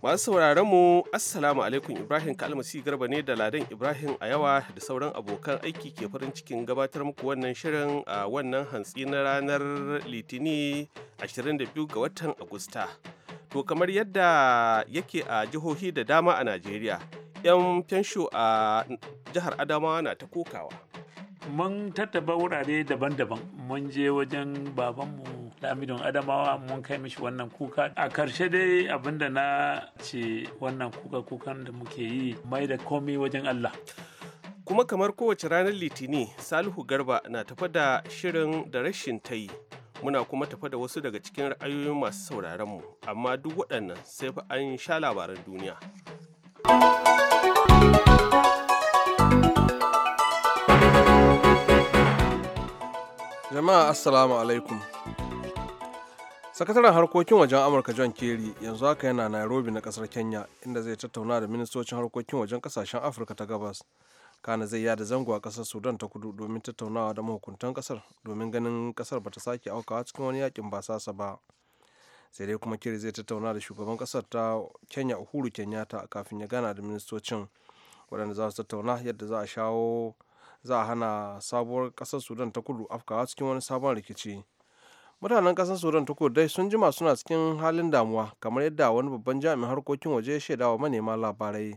Masu sauraron mu Assalamu alaikum Ibrahim Kalmasi Garba ne da Ladan Ibrahim a yawa da sauran abokan aiki ke farin cikin gabatar muku wannan shirin a wannan hantsi na ranar Litini 22 ga watan Agusta. To kamar yadda yake a jihohi da dama a Najeriya, 'yan fensho a jihar Adama na ta kokawa. Mun tattaba wurare daban-daban, mun je wajen babanmu Lamidon Adamawa mun kai mishi wannan kuka. A karshe dai abinda na ce wannan kuka-kukan da muke yi mai da komai wajen Allah. Kuma kamar kowace ranar Litini, Salihu Garba na tafa da shirin da rashin ta yi. Muna kuma tafa da wasu daga cikin ra'ayoyin masu mu amma duk waɗannan sai fa an sha labaran duniya. Jama'a Assalamu alaikum. sakataren harkokin wajen amurka john kerry yanzu haka yana nairobi na kasar kenya inda zai tattauna da ministocin harkokin wajen kasashen afirka ta gabas kana zai yada zango a kasar sudan ta kudu domin tattaunawa da mahukuntan kasar domin ganin kasar bata sake aukawa cikin wani yakin basasa ba sai dai kuma kiri zai tattauna da shugaban kasar ta kenya uhuru kenyatta kafin ya gana da ministocin waɗanda za su tattauna yadda za a shawo za a hana sabuwar kasar sudan ta kudu afkawa cikin wani sabon rikici mutanen kasar sudan ta dai sun jima suna cikin halin damuwa kamar yadda wani babban jami'in harkokin waje ya shaidawa manema labarai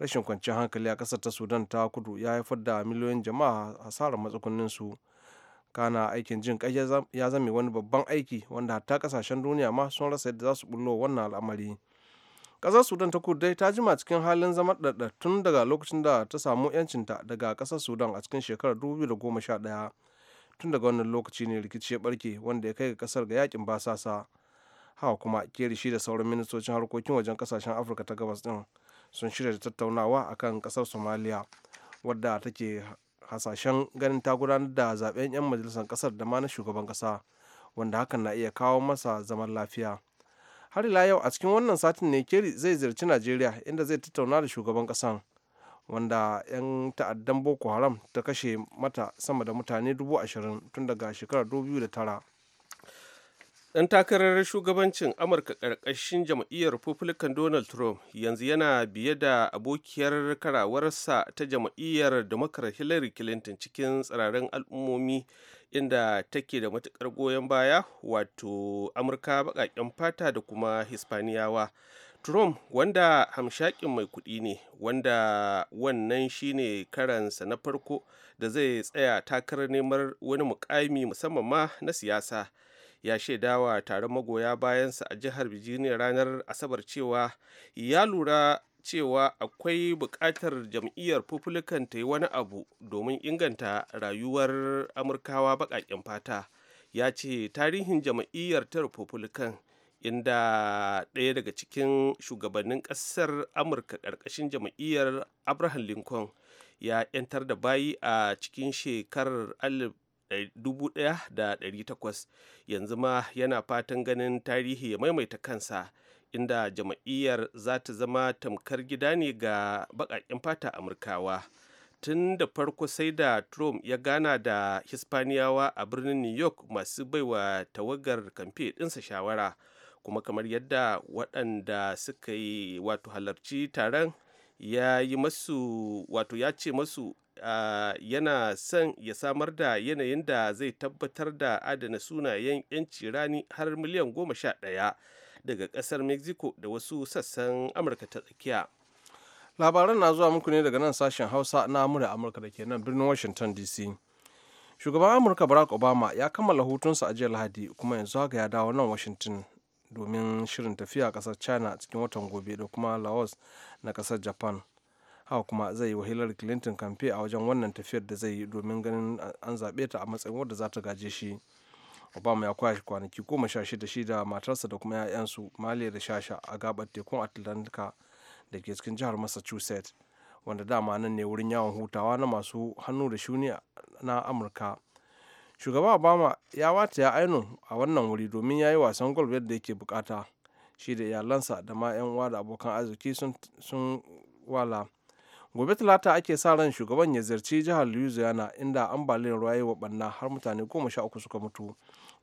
rashin kwanciyar hankali a kasar ta sudan ta kudu ya haifar da miliyoyin jama'a hasarar matsukunnin su kana aikin jin kai ya zame wani babban aiki wanda hatta kasashen duniya ma sun rasa yadda za su bullo wannan al'amari kasar sudan ta kudu ta jima cikin halin zama ɗaɗɗa tun daga lokacin da ta samu yancinta daga kasar sudan a cikin shekarar 2011 tun daga wannan lokaci ne rikici ya barke wanda ya kai ga kasar ga yakin basasa hawa kuma keri shi, da sauran ministocin harkokin wajen kasashen afirka ta gabas din sun shirya da tattaunawa akan kasar somaliya wadda take hasashen ganin ta gudanar da zaben 'yan majalisar kasar da ma na shugaban kasa wanda hakan na iya kawo masa zaman lafiya har ila yau a cikin wannan satin ne keri zai ziyarci najeriya inda zai tattauna da shugaban kasar wanda 'yan ta'addan boko haram ta kashe mata sama da mutane 20,000 tun daga shekarar 2009 dan takarar shugabancin amurka ƙarƙashin jam'iyyar republican donald trump yanzu yana biye da abokiyar karawarsa ta jam'iyyar democrat hillary clinton cikin tsirarin al'ummomi inda take da matukar goyon baya wato amurka baƙaƙen fata da kuma hispaniyawa Trump wanda hamshakin mai kudi ne wanda wannan shine karansa na farko da zai tsaya takarar neman wani mukami musamman ma na siyasa ya shaidawa tare magoya bayansa a jihar Virginia ranar Asabar cewa ya lura cewa akwai bukatar jam'iyyar Republican ta yi wani abu domin inganta rayuwar Amurkawa baƙaƙen fata ya ce tarihin jam'iyyar ta Republican inda ɗaya daga cikin shugabannin ƙasar amurka ƙarƙashin jam'iyyar abraham lincoln ya 'yantar da bayi a cikin shekarar 1800 yanzu ma yana fatan ganin tarihi ya maimaita kansa inda jam'iyyar za ta zama tamkar gida ne ga baƙaƙen fata amurkawa tun da farko sai da trump ya gana da hispaniyawa a birnin new york masu baiwa tawagar kamfe ɗinsa shawara kuma kamar yadda waɗanda suka yi wato halarci taron ya yi masu wato ya ce masu uh, yana son ya samar da yanayin da zai tabbatar da adana sunayen 'yanci rani har miliyan goma sha ɗaya daga ƙasar mexico da wasu sassan amurka ta tsakiya labaran na zuwa muku ne daga nan sashen hausa na amurka amurka da ke nan birnin washington dc shugaban amurka barack obama ya kammala hutunsa a jiya lahadi kuma yanzu haka ya dawo nan washington domin shirin tafiya kasar china cikin watan gobe da kuma laos na kasar japan haka kuma zai yi wa hillary clinton kamfe a wajen wannan tafiyar da zai yi domin ganin an zaɓe ta a matsayin wadda za ta gaje shi obama ya kwashe kwanaki goma sha shida shi da matarsa da kuma 'ya'yansu maliya da shasha a gabar tekun atlantika da ke cikin jihar massachusetts wanda dama nan ne wurin yawon hutawa na masu hannu da shuni na amurka shugaba obama ya wata ya ainu a wannan wuri domin ya yi wasan golf yadda yake bukata shi da iyalansa da ma 'yan uwa da abokan arziki sun wala gobe talata ake sa ran shugaban ya ziyarci jihar louisiana inda ambaliyar ruwa ya wa banna har mutane goma sha uku suka mutu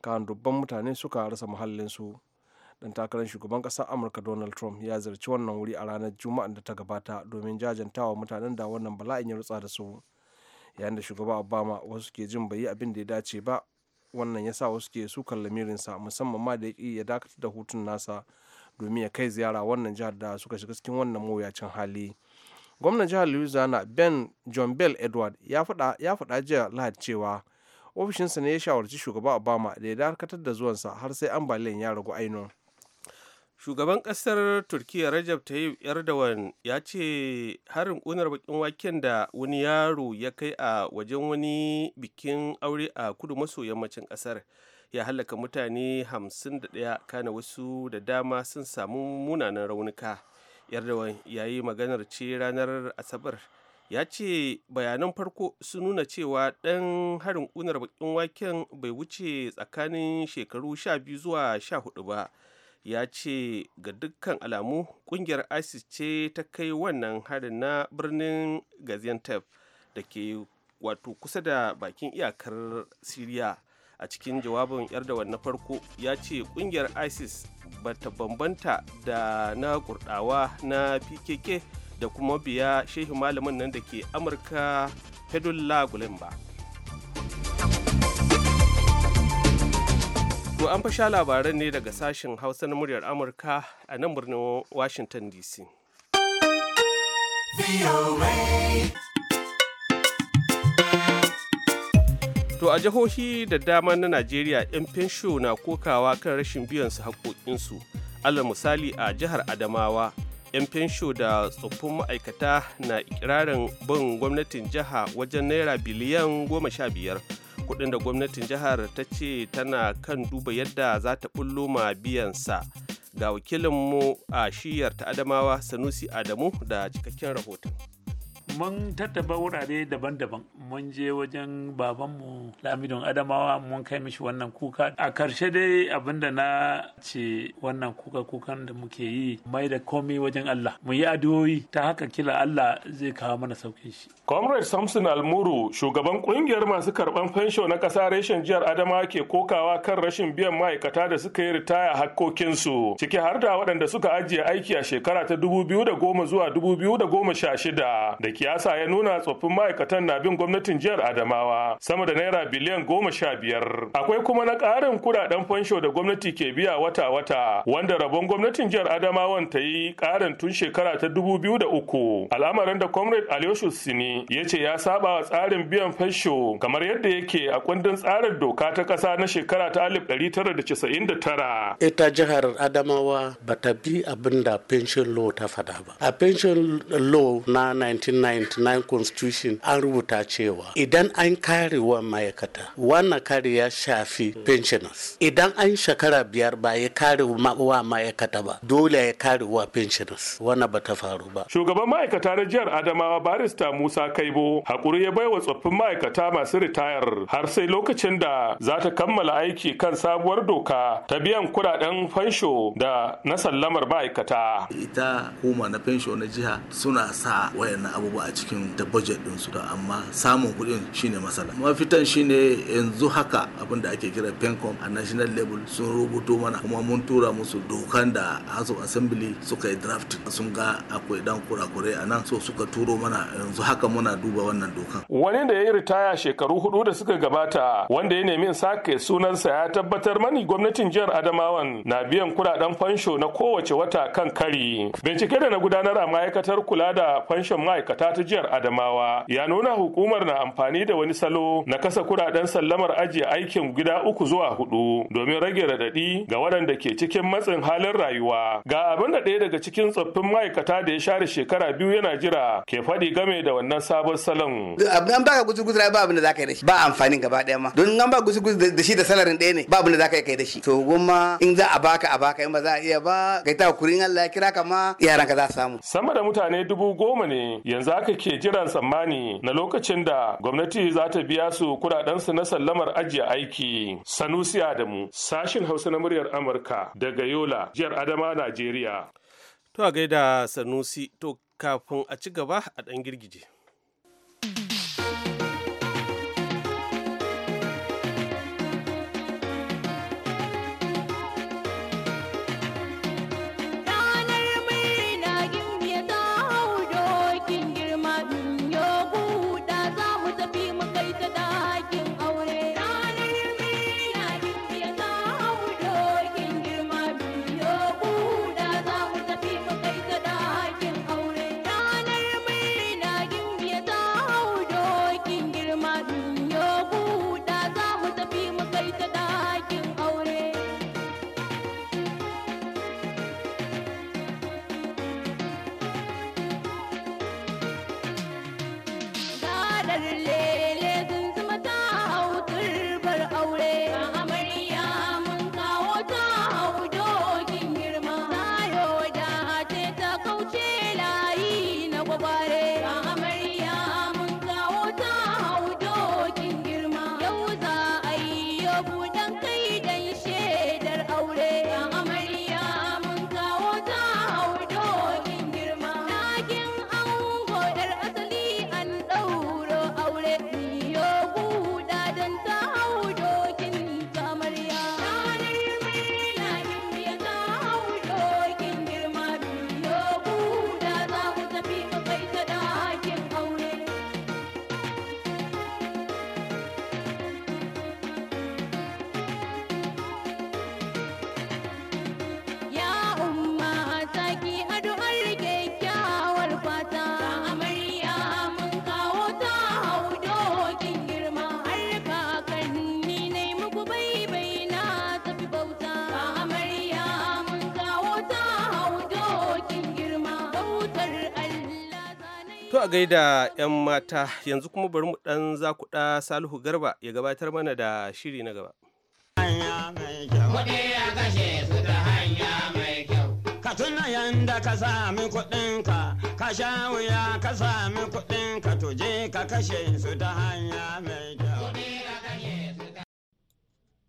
kan dubban mutane suka rasa muhallinsu dan takarar shugaban kasar amurka donald trump ya ziyarci wannan wuri a ranar juma'ar da ta gabata domin jajantawa mutanen da wannan bala'in ya rutsa da su yayin da shugaba obama wasu ke jin bai yi abin da ya dace ba wannan ya sa wasu ke sukan lamirinsa musamman ma da ya dakatar da hutun nasa domin ya kai ziyara wannan jihar da suka shiga cikin wannan mawuyacin hali gwamnan jihar louisiana ben john bell edward ya faɗa jiya lahadi cewa ofishinsa ne ya shawarci shugaba obama da ya dakatar da zuwansa har sai ambaliyan ya ragu ainihin shugaban kasar turkiyya rajab tayyip erdogan ya ce harin ƙunar bakin waken da wani yaro ya kai a wajen wani bikin aure a kudu maso yammacin kasar ya halaka mutane 51 kana wasu da dama sun samu munanan raunuka erdogan ya yi maganar ce ranar asabar ya ce bayanan farko sun nuna cewa ɗan harin ƙunar bakin waken bai wuce tsakanin shekaru 12 zuwa 14 ba ya ce ga dukkan alamu kungiyar isis ce ta kai wannan harin na birnin gaziantep da ke wato kusa da bakin iyakar siriya a cikin jawabin erdogan na farko ya ce kungiyar isis ba ta bambanta da na kurdawa na pkk da kuma biya shehu malamin nan da ke amurka fedullah gulen ba To an fasha labaran ne daga sashen Hausa na muryar Amurka a nan birnin Washington DC. To a jihohi da dama na Najeriya 'yan fensho na kokawa kan rashin biyan su haƙoƙinsu. allah misali a jihar Adamawa, 'yan fensho da tsoffin ma'aikata na ikirarin bin gwamnatin jiha wajen naira biliyan goma sha biyar. kudin da gwamnatin jihar ta ce tana kan duba yadda za ta bullo ma sa ga wakilinmu a shiyar ta adamawa sanusi adamu da cikakken rahoton mun tattaba wurare daban-daban mun je wajen babanmu lamidon adamawa mun kai mishi wannan kuka a karshe dai abinda na ce wannan kuka kukan da muke yi mai da komai wajen Allah mu yi addu'o'i ta haka kila Allah zai kawo mana saukin shi comrade Samson Almuru shugaban kungiyar masu karban fensho na kasa reshen jihar Adamawa ke kokawa kan rashin biyan ma'aikata da suka yi ritaya hakkokinsu ciki har da waɗanda suka ajiye aiki a shekara ta 2010 zuwa 2016 da kiyasa ya nuna tsoffin ma'aikatan na bin gwamnati gwamnatin jihar Adamawa sama da naira biliyan goma sha biyar. Akwai kuma na ƙarin kuɗaɗen fansho da gwamnati ke biya wata-wata wanda rabon gwamnatin jihar Adamawan ta yi ƙarin tun shekara ta dubu biyu da uku. Al'amarin da Comrade Alyoshu Sini ya ce ya saba wa tsarin biyan fansho kamar yadda yake a kundin tsarin doka ta ƙasa na shekara ta alif ɗari tara da casa'in da tara. Ita jihar Adamawa ba ta bi abin da pension law ta faɗa ba. A pension law na 1999 constitution an rubuta ce cewa idan an kare wa ma'aikata wannan kare ya shafi pensioners idan an shekara biyar ba ya kare wa ma'aikata ba dole ya kare wa pensioners wannan ba ta faru ba shugaban ma'aikata na jihar adamawa barista musa kaibo hakuri ya bai wa tsoffin ma'aikata masu ritayar har sai lokacin da za ta kammala aiki kan sabuwar doka ta biyan kudaden fansho da na sallamar ma'aikata ita hukuma na fansho na jiha suna sa wayannan abubuwa a cikin da budget ɗinsu da amma sa samun kuɗin shine matsala mafitan shine yanzu haka abin da ake kira pencom a national level sun rubuto mana kuma mun tura musu dokan da house of assembly suka yi draft sun ga akwai dan kurakure a nan so suka turo mana yanzu haka muna duba wannan dokan wani da ya yi ritaya shekaru hudu da suka gabata wanda ya nemi sake sunansa ya tabbatar mani gwamnatin jihar adamawan na biyan kudaden fansho na kowace wata kan kari bincike da na gudanar a ma'aikatar kula da fanshon ma'aikata ta jihar adamawa ya nuna hukumar na amfani da wani salo na kasa kuraɗen sallamar ajiye aikin gida uku zuwa hudu domin rage raɗaɗi ga waɗanda ke cikin matsin halin rayuwa. Ga abin da ɗaya daga cikin tsoffin ma'aikata da ya share shekara biyu yana jira ke faɗi game da wannan sabon salon. an ba ka gusu gusu ba abin da za ka yi da shi ba amfanin gaba ɗaya ma don an ba gusu gusu da shi da salarin ɗaya ne ba abin da za ka yi da shi. To goma in za a baka a baka in ba za a iya ba kai ta kurin Allah ya kira ka ma yaran ka za su samu. Sama da mutane dubu goma ne yanzu aka ke jiran tsammani na lokacin da da gwamnati za ta biya su kudadensu na sallamar ajiye aiki. Sanusi Adamu, sashin Hausa na muryar Amurka daga Yola, jihar Adama, Najeriya. To a gaida Sanusi, to kafin a ci gaba a ɗan girgije. a gaida 'yan mata yanzu kuma bari mu ɗan zakuɗa Salihu Garba ya gabatar mana da shiri na gaba. Ka tuna yanda ka sami kuɗinka, ka sha wuya ka sami kuɗinka tuje ka kashe su ta hanya mai kyau.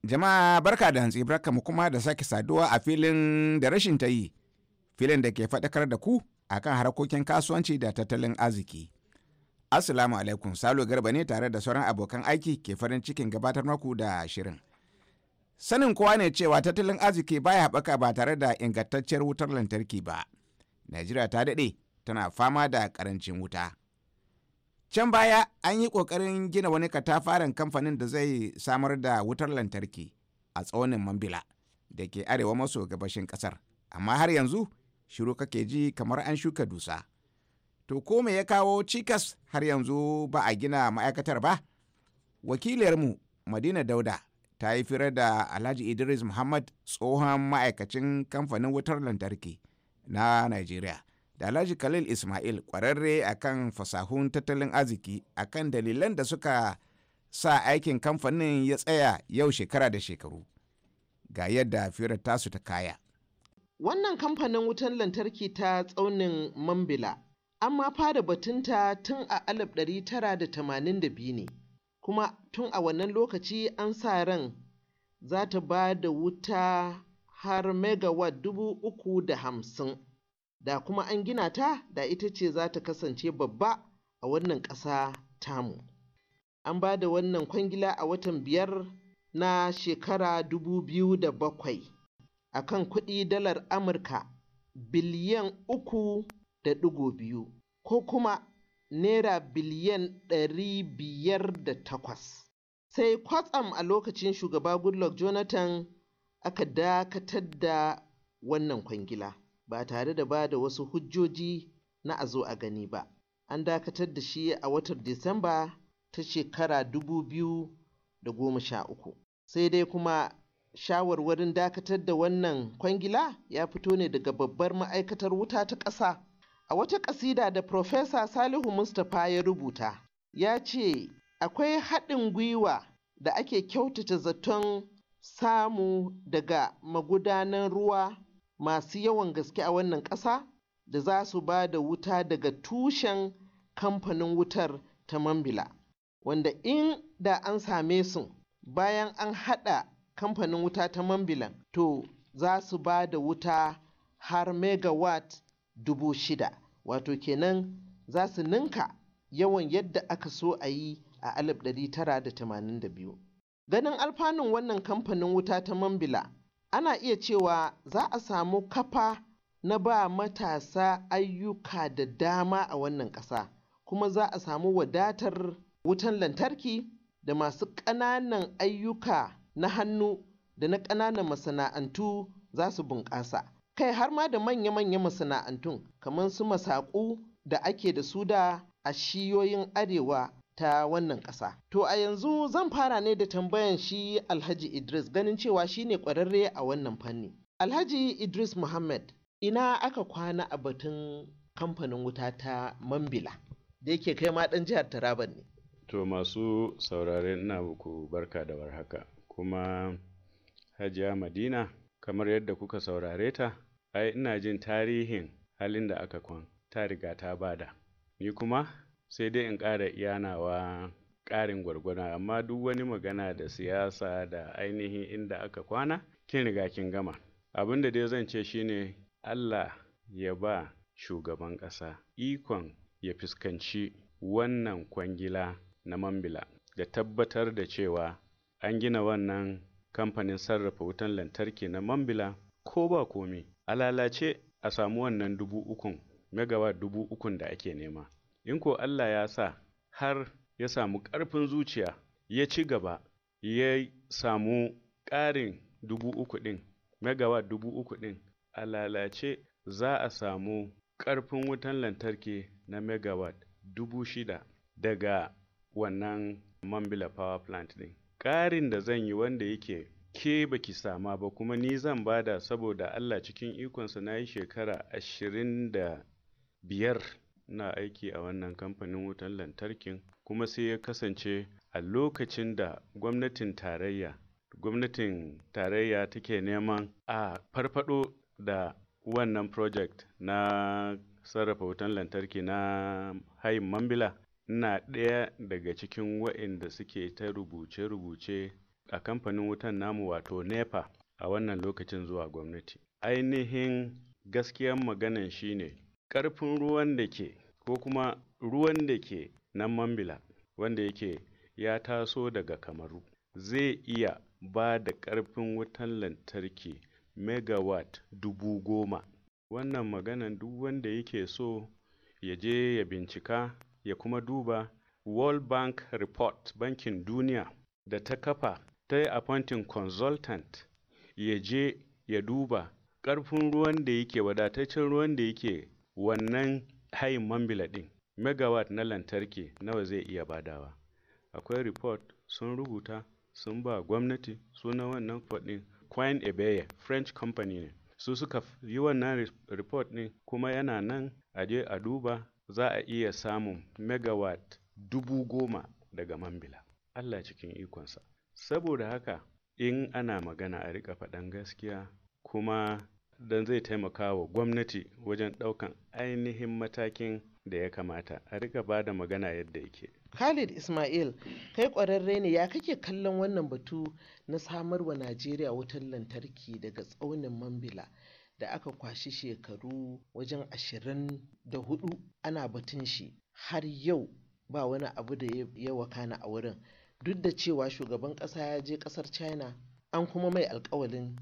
Jama'a barka da hantsi barka mu kuma da sake saduwa a filin da rashin ta yi. filin da ke faɗakar da ku a kan harkokin kasuwanci da tattalin arziki. Assalamu alaikum, Salo Garba ne tare da sauran abokan aiki ke farin cikin gabatar maku da shirin. Sanin kowa ne cewa tattalin arziki baya haɓaka ba tare da ingantacciyar wutar lantarki ba. Najeriya ta daɗe tana fama da ƙarancin wuta. Can baya an yi ƙoƙarin gina wani katafaren kamfanin da zai samar da wutar lantarki a tsaunin Mambila da ke arewa maso gabashin ƙasar, amma har yanzu shiru kake ji kamar an shuka dusa. To ko me ya kawo cikas har yanzu ba a gina ma'aikatar ba? Wakilarmu Madina Dauda ta yi firar da Alhaji Idris Muhammad tsohon ma'aikacin kamfanin wutar lantarki na Najeriya. Da Alhaji Khalil Ismail kwararre akan fasahun tattalin arziki akan dalilan da suka sa aikin kamfanin ya tsaya yau shekara da shekaru. Ga yadda firar tasu ta kaya. Wannan kamfanin wutan lantarki ta tsaunin Mambila an ma fara batunta tun a ɗari tara da da tamanin biyu ne, kuma tun a wannan lokaci an sa ran za ta ba da wuta har megawatt dubu uku da hamsin. Da kuma an gina ta da ita ce za ta kasance babba a wannan ƙasa tamu. An ba da wannan kwangila a watan biyar na shekara dubu biyu da bakwai. a kan kuɗi dalar Amurka biliyan uku da ɗigo biyu ko kuma Naira biliyan ɗari biyar da takwas. Sai kwatsam a lokacin shugaba Goodluck Jonathan aka dakatar da wannan kwangila ba tare da ba da wasu hujjoji na a zo a gani ba. An dakatar da shi a watan Disamba ta shekara dubu biyu da goma sha uku. Sai dai kuma shawarwarin dakatar da wannan kwangila ya fito ne daga babbar ma'aikatar wuta ta ƙasa. A wata ƙasida da Profesa Salihu Mustapha ya rubuta, ya ce akwai haɗin gwiwa da ake kyautata zaton samu daga magudanan ruwa masu yawan gaske a wannan ƙasa da za su ba da wuta daga tushen kamfanin wutar ta Mambila, wanda in da an same su bayan an haɗa kamfanin wuta ta mambilan to za su ba da wuta har megawatt dubu shida wato kenan za su ninka yawan yadda aka so a yi a 1982 ganin alfanun wannan kamfanin wuta ta mambila ana iya cewa za a samu kafa na ba matasa ayyuka da dama a wannan ƙasa kuma za a samu wadatar wutan lantarki da masu ƙananan ayyuka na hannu da na ƙananan masana'antu za su bunƙasa kai har ma da manya-manya masana'antun kamar su masaƙu da ake da su da a shiyoyin arewa ta wannan ƙasa. To a yanzu zan fara ne da tambayan shi Alhaji Idris ganin cewa shi ne ƙwararre a wannan fanni. Alhaji Idris Muhammad ina aka kwana a batun kamfanin wuta ta Mambila da yake kai ma ɗan jihar Taraba ne. To masu saurare ina muku barka da warhaka. kuma Hajiya Madina kamar yadda kuka saurare ta ai ina jin tarihin halin da aka kwan ta riga ta bada ni kuma sai dai in ƙara iya nawa ƙarin gwargwada amma duk wani magana da siyasa da ainihin inda aka kwana kin riga kin gama abin da dai zan ce shine Allah ya ba shugaban ƙasa ikon ya fuskanci wannan kwangila na Mambila da tabbatar da cewa an gina wannan kamfanin sarrafa wutan lantarki na mambila ko ba komi a lalace a samu wannan dubu ukun megawatt dubu ukun da ake nema in ko allah ya sa har ya samu ƙarfin zuciya ya ci gaba ya samu ƙarin dubu uku ɗin megawatt dubu uku ɗin a lalace za a samu ƙarfin wutan lantarki na megawatt dubu shida daga wannan mambila power plant ɗin ƙarin da zan yi wanda yake ke baki sama ba kuma ni zan bada saboda Allah cikin ikonsa na yi shekara ashirin da biyar na aiki a wannan kamfanin wutan lantarkin kuma sai ya kasance a lokacin da gwamnatin tarayya gwamnatin tarayya take neman a farfado da wannan project na sarrafa wutan lantarki na hayin mambila na ɗaya daga cikin waɗanda suke ta rubuce-rubuce a kamfanin wutan namu wato nepa a wannan lokacin zuwa gwamnati ainihin gaskiyan maganan shine ƙarfin ruwan da ke ko kuma ruwan da ke nan mambila wanda yake ya taso daga kamaru zai iya ba da ƙarfin wutan lantarki megawatt dubu goma wannan maganan duk wanda yake so ya je ya bincika ya kuma duba World Bank Report Bankin Duniya da ta kafa ta yi appointing consultant ya je ya duba ƙarfin ruwan da yake wadataccen ruwan da yake wannan hayin mambila ɗin megawatt na lantarki nawa zai iya badawa akwai report sun rubuta sun ba gwamnati sunan wannan kwaɗin quine ebeye french company ne su suka yi wannan report ɗin kuma yana nan aje a duba za a iya samun megawatt dubu goma daga Mambila. Allah cikin ikonsa saboda haka in ana magana a riƙa faɗan gaskiya kuma don zai taimaka wa gwamnati wajen ɗaukan ainihin matakin da ya kamata a riƙa ba da magana yadda yake khalid ismail kai ƙwararre ne ya kake kallon wannan batu na samarwa najeriya wutar lantarki daga tsaunin mambila da aka kwashi shekaru wajen ashirin da hudu ana batun shi har yau ba wani abu da ya wakana a wurin duk da cewa shugaban ƙasa ya je ƙasar china an kuma mai alkawalin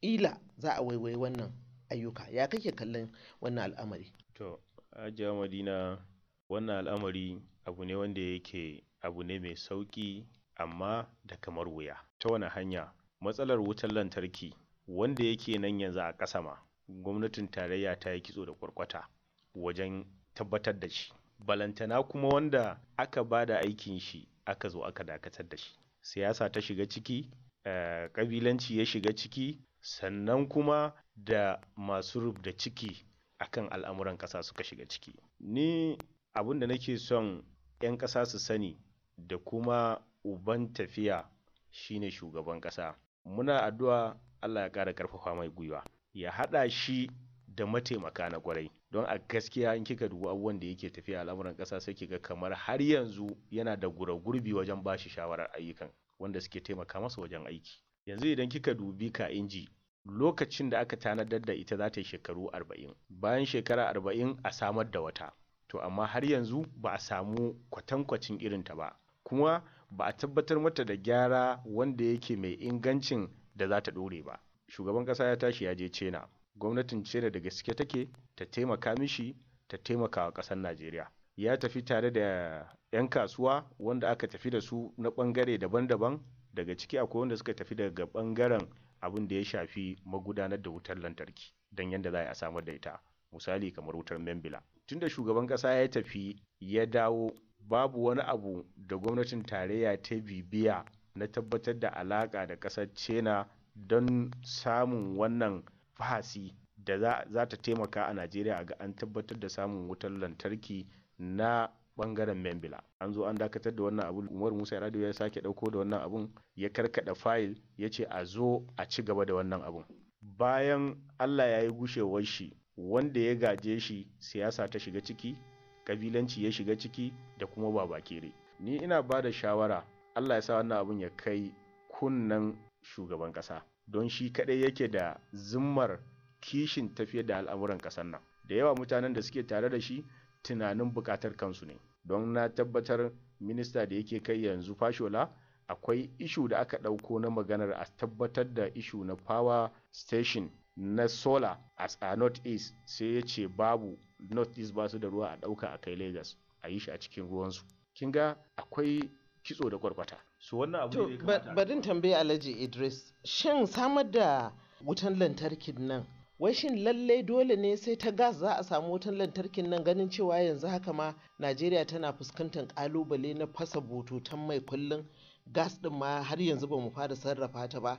ila za a waiwai wannan ayyuka ya kake kallon wannan al'amari to ajiya madina wannan al'amari abu ne wanda yake abu ne mai sauƙi amma da kamar wuya ta wani hanya matsalar wutar lantarki wanda yake nan yanzu a ƙasa ma gwamnatin tarayya ta yi kitso da kwarkwata wajen tabbatar da shi balantana kuma wanda aka ba da aikin shi aka zo aka dakatar da shi siyasa ta shiga ciki eh, ƙabilanci ya shiga ciki sannan kuma da masu rubda ciki akan al'amuran ƙasa suka shiga ciki ni abin da nake son 'yan ƙasa su sani da kuma uban tafiya shine shugaban ƙasa muna addu'a Allah ya ƙara ƙarfafa mai gwiwa ya haɗa shi da mataimaka na kwarai don a gaskiya in kika dubu abubuwan da yake tafiya al'amuran ƙasa sai ga kamar har yanzu yana da guragurbi wajen ba shi shawarar ayyukan wanda suke taimaka masa wajen aiki yanzu idan kika dubi ka inji lokacin da aka tanadar da ita za ta yi shekaru arba'in bayan shekara arba'in a samar da wata to amma har yanzu ba a samu kwatankwacin irinta ba kuma ba a tabbatar mata da gyara wanda yake mai ingancin da za ta ɗore ba shugaban ƙasa ya tashi ya je cena gwamnatin cena da gaske take ta taimaka mishi ta taimaka wa ƙasar najeriya ya tafi tare da 'yan kasuwa wanda aka tafi da su na ɓangare daban-daban daga ciki akwai wanda suka tafi daga ɓangaren abin da ya shafi magudanar da wutar lantarki don yadda za a samar da ita misali kamar wutar membila da shugaban ƙasa ya tafi ya dawo babu wani abu da gwamnatin tarayya ta bibiya na tabbatar da alaƙa da ƙasar china don samun wannan fahasi da za ta taimaka a najeriya ga an tabbatar da samun wutar lantarki na bangaren membila an zo an dakatar da wannan abu umar musa ya radio ya sake dauko da wannan abun ya karkaɗa fayil ya ce a zo a ci gaba da wannan abun bayan allah ya yi gushewar shi wanda ya gaje shi siyasa ta shiga ciki kabilanci ya shiga ciki da kuma babakere ni ina ba da shawara Allah ya sa wannan abin ya kai kunnan shugaban ƙasa don shi kaɗai yake da zimmar kishin tafiyar da al'amuran ƙasar nan da yawa mutanen da suke tare da shi tunanin buƙatar kansu ne don na tabbatar minista da yake kai yanzu fashola akwai ishu da aka ɗauko na maganar a tabbatar da ishu na power station na solar as a north east sai ya ce babu north east ba su da ruwa a ɗauka a kai lagos a yi shi a cikin ruwansu kin ga akwai kitso da kwarkwata su wannan abu ne barin tambaye alhaji idris shin samar da wutan lantarkin nan wai shin lallai dole ne sai ta gas za a samu wutan lantarkin nan ganin cewa yanzu haka ma najeriya tana fuskantar kalubale na fasa bututun mai kullum gas din ma har yanzu ba mu fara sarrafa ta ba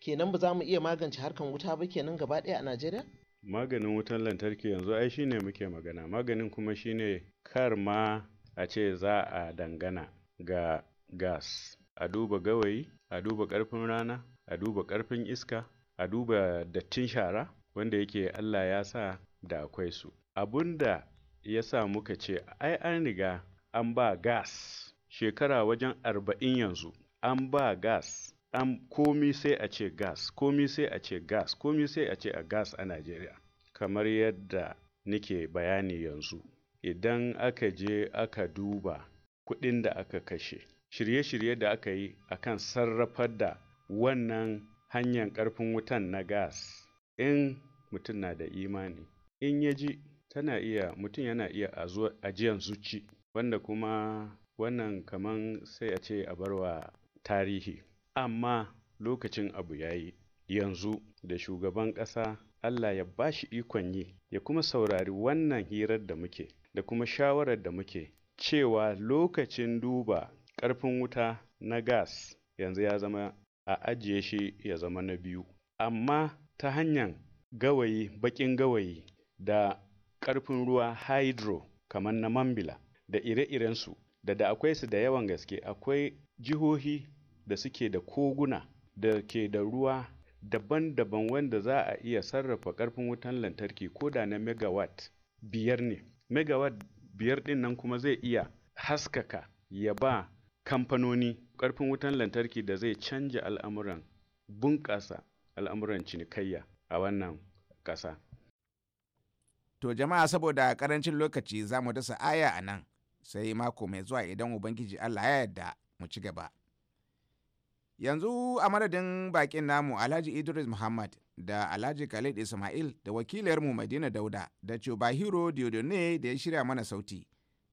kenan ba za mu iya magance harkan wuta ba kenan gaba ɗaya a najeriya maganin wutan lantarki yanzu ai shine muke magana maganin kuma shine kar ma a ce za a dangana ga gas a duba gawayi a duba ƙarfin rana a duba ƙarfin iska a duba dattin shara wanda yake Allah ya sa da akwai su abunda ya sa muka ce ai an riga an ba gas shekara wajen arba'in yanzu an ba gas an komi sai a ce gas komi sai a ce gas komi sai a ce a gas a Najeriya kamar yadda nike bayani yanzu idan aka je aka duba kuɗin da aka kashe shirye-shirye da aka yi a kan sarrafar da wannan hanyar ƙarfin wutan na gas in mutum na da imani in ya ji tana iya mutum yana iya ajiyan zuci wanda kuma wannan kaman sai a ce a barwa tarihi amma lokacin abu ya yi yanzu da shugaban ƙasa Allah ya ba shi ikon yi ya kuma saurari wannan hirar da muke da kuma shawarar da muke cewa lokacin duba ƙarfin wuta na gas yanzu ya zama a ajiye shi ya zama na biyu amma ta hanyar gawayi baƙin gawayi da ƙarfin ruwa hydro kamar na mambila da ire-irensu da da akwai su da yawan gaske akwai jihohi da suke da koguna da ke da ruwa daban-daban wanda za a iya sarrafa ƙarfin wutan lantarki ko da na megawatt biyar ne megawatt biyar ɗin nan kuma zai iya haskaka ya ba kamfanoni ƙarfin wutan lantarki da zai canja al'amuran bunƙasa al'amuran cinikayya a wannan ƙasa. To jama'a saboda ƙarancin lokaci za mu dasa aya a nan sai mako mai zuwa idan Ubangiji Allah ya yarda mu ci gaba. Yanzu a madadin baƙin namu Alhaji Idris Muhammad da Alhaji Khalid Ismail da wakilarmu Madina Dauda da Chubahiro Diodone da ya shirya mana sauti.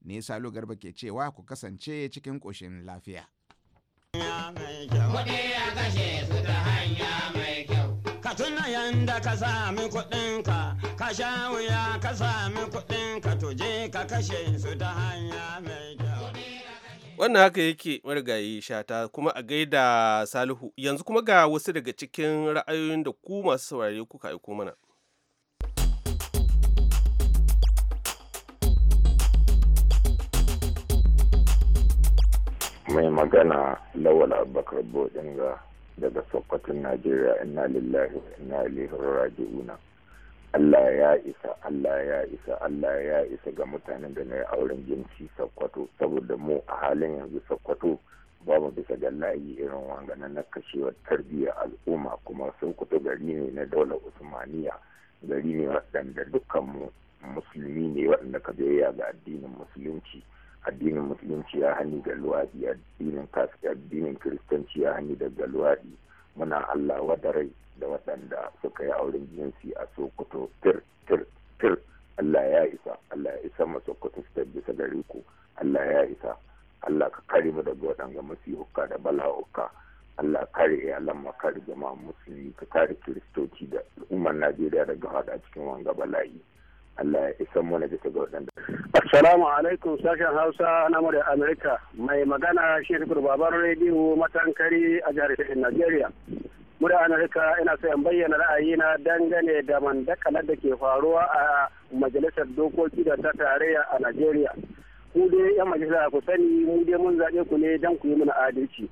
Ne Salo Garba ke cewa ku kasance cikin ƙoshin lafiya. Kuɗi Ka tuna yanda ka sami kuɗinka, ka sha wuya ka sami kuɗinka, to je ka kashe su ta hanya mai kyau. wannan haka yake marigayi shata kuma a gaida salihu yanzu kuma ga wasu daga cikin ra'ayoyin da ku masu saurare kuka aiko mana mai magana lawal abubakar bodinga daga sokoton najeriya inna lillahi ina inna ilaihi raji'una Allah ya isa Allah ya isa Allah ya isa ga mutanen da na yi auren jinsi sakwato saboda mu a halin yanzu sakkwato babu bisa ga layi irin wangana na kashewar tarbiyya al'umma kuma sun kuto gari ne na daular usmaniya gari ne waɗanda dukkan mu musulmi ne waɗanda ka biyayya ga addinin musulunci addinin musulunci ya hani da luwaɗi addinin addinin kiristanci ya hani da luwaɗi muna allah rai. da waɗanda suka yi auren jinsi a sokoto tir tir tir Allah ya isa Allah ya isa ma sokoto su bisa gare ku Allah ya isa Allah ka kare mu daga waɗanga masihukka da bala'ukka Allah kare ya Allah ma kare jama'a musulmi ka kare kiristoci da al'ummar Najeriya daga hada cikin wanga bala'i Allah ya isa mana bisa ga waɗanda. Assalamu alaikum sashen Hausa na murya Amerika mai magana Shehu babban Rediyo Matankari a jihar Najeriya. murya rika ina so in bayyana ra'ayina dangane da mandakalar da ke faruwa a majalisar dokoki da ta tarayya a najeriya ku dai yan majalisa ku sani mu dai mun zaɓe ku ne don ku yi mana adalci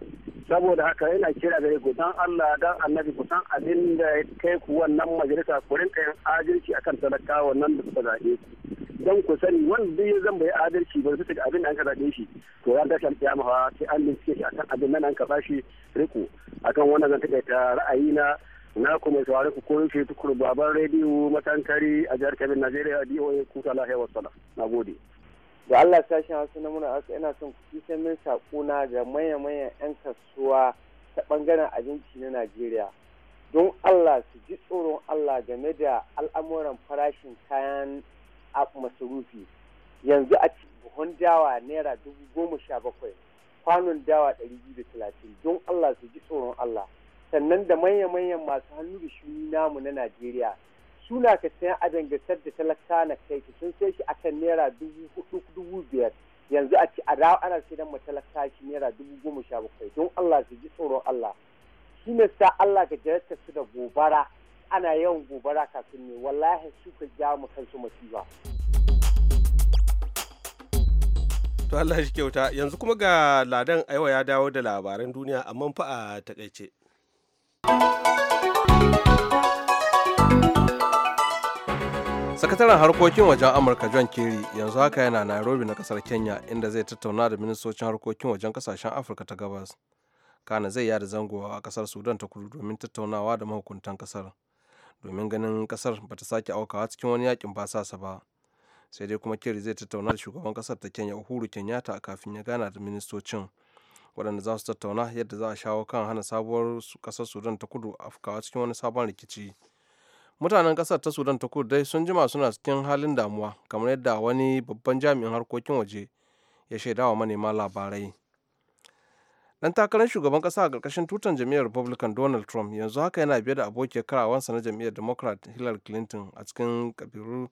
saboda haka ina kira gare ku dan Allah dan annabi ku san abin da kai ku wannan majalisa ku rinka yin adalci akan talakawa nan da suka zaɓe ku don ku sani wanda ya zan bai adalci ba su ga abin da an ka zaɓe shi to ya dace ya mafa sai an bincike shi akan abin nan an ka bashi riko akan wannan zan ta ra'ayi na kuma saurari ku koyo shi tukuru baban rediyo matankari a jihar Kebbi Najeriya DOA kuta lahiya wassala na gode. Da Allah sashen wasu na muna asa ina son ku isa min na da manya-manyan 'yan kasuwa ta bangaren abinci na Najeriya. Don Allah su ji tsoron Allah game da al'amuran farashin kayan a masarufi yanzu a ci buhun dawa naira dubu goma sha bakwai kwanon dawa ɗari biyu da talatin don allah su ji tsoron allah sannan da manya-manyan masu hannu da shuni namu na najeriya suna ka sayan a dangantar da talaka na kai sun sai shi akan naira dubu hudu dubu biyar yanzu a ci a rawa ana sayan matalaka shi naira dubu goma sha bakwai don allah su ji tsoron allah shi ne sa allah ka jarata su da gobara ana yawan gobara kafin ne wallahi suka ja mu kansu masifa. To Allah shi kyauta yanzu kuma ga ladan aiwa ya dawo da labaran duniya amma fa a takaice. sakataren harkokin wajen amurka john kerry yanzu haka yana nairobi na kasar kenya inda zai tattauna da ministocin harkokin wajen kasashen afirka ta gabas kana zai yada zango a kasar sudan ta kudu domin tattaunawa da mahukuntan kasar domin ganin kasar ba ta sake aukawa cikin wani yakin basasa ba sai dai kuma kiri zai tattauna da shugaban kasar ta kenya uhuru kenyatta kafin ya gana da ministocin waɗanda za su tattauna yadda za a shawo kan hana sabuwar kasar sudan ta kudu afkawa cikin wani sabon rikici mutanen kasar ta sudan ta kudu dai sun jima suna cikin halin damuwa kamar yadda wani babban jami'in harkokin waje ya shaidawa manema labarai dan takarar shugaban kasa a ƙarƙashin tutan jam'iyyar republican donald trump yanzu haka yana biye da abokiyar karawansa na jam'iyyar democrat hillary clinton a cikin kabiru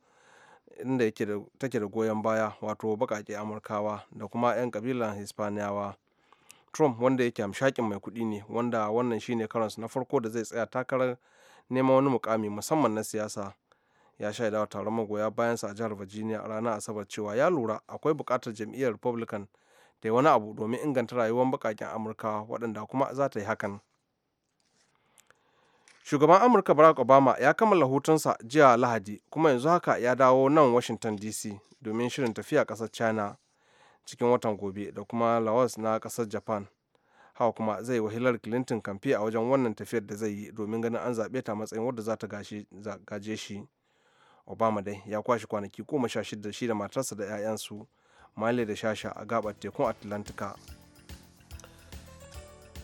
inda take da goyon baya wato bakake amurkawa da kuma 'yan kabilan hispaniyawa trump wanda yake hamshakin mai kuɗi ne wanda wannan shine karansa na farko da zai tsaya takarar neman wani mukami musamman na siyasa ya shaidawa taron magoya bayansa a jihar virginia a ranar asabar cewa ya lura akwai bukatar jam'iyyar republican ta yi wani abu domin inganta rayuwar bakakin amurka waɗanda kuma za ta yi hakan shugaban amurka barack obama ya kammala hutunsa jiya lahadi kuma yanzu haka ya dawo nan washington dc domin shirin tafiya kasar china cikin watan gobe da kuma laos na ƙasar japan hawa kuma zai wa hillary clinton kamfe a wajen wannan tafiyar da zai yi domin ganin an zaɓe ta matsayin wadda za ta gaje shi obama dai ya kwashe kwanaki goma sha shida shi da matarsa da 'ya'yansu mali da shasha a gabar tekun atlantika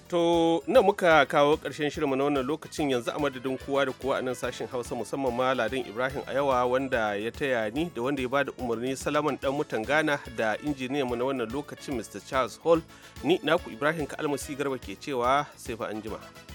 to na muka kawo ƙarshen shirinmu na wannan lokacin yanzu a madadin kowa da kowa a nan sashen hausa musamman ma ladin ibrahim ayawa wanda ya taya ni da wanda ya ba da umarni salaman dan mutan ghana da injiniyan mu na wannan lokacin mr charles hall ni naku ibrahim ka almasi garba ke cewa sai fa anjima.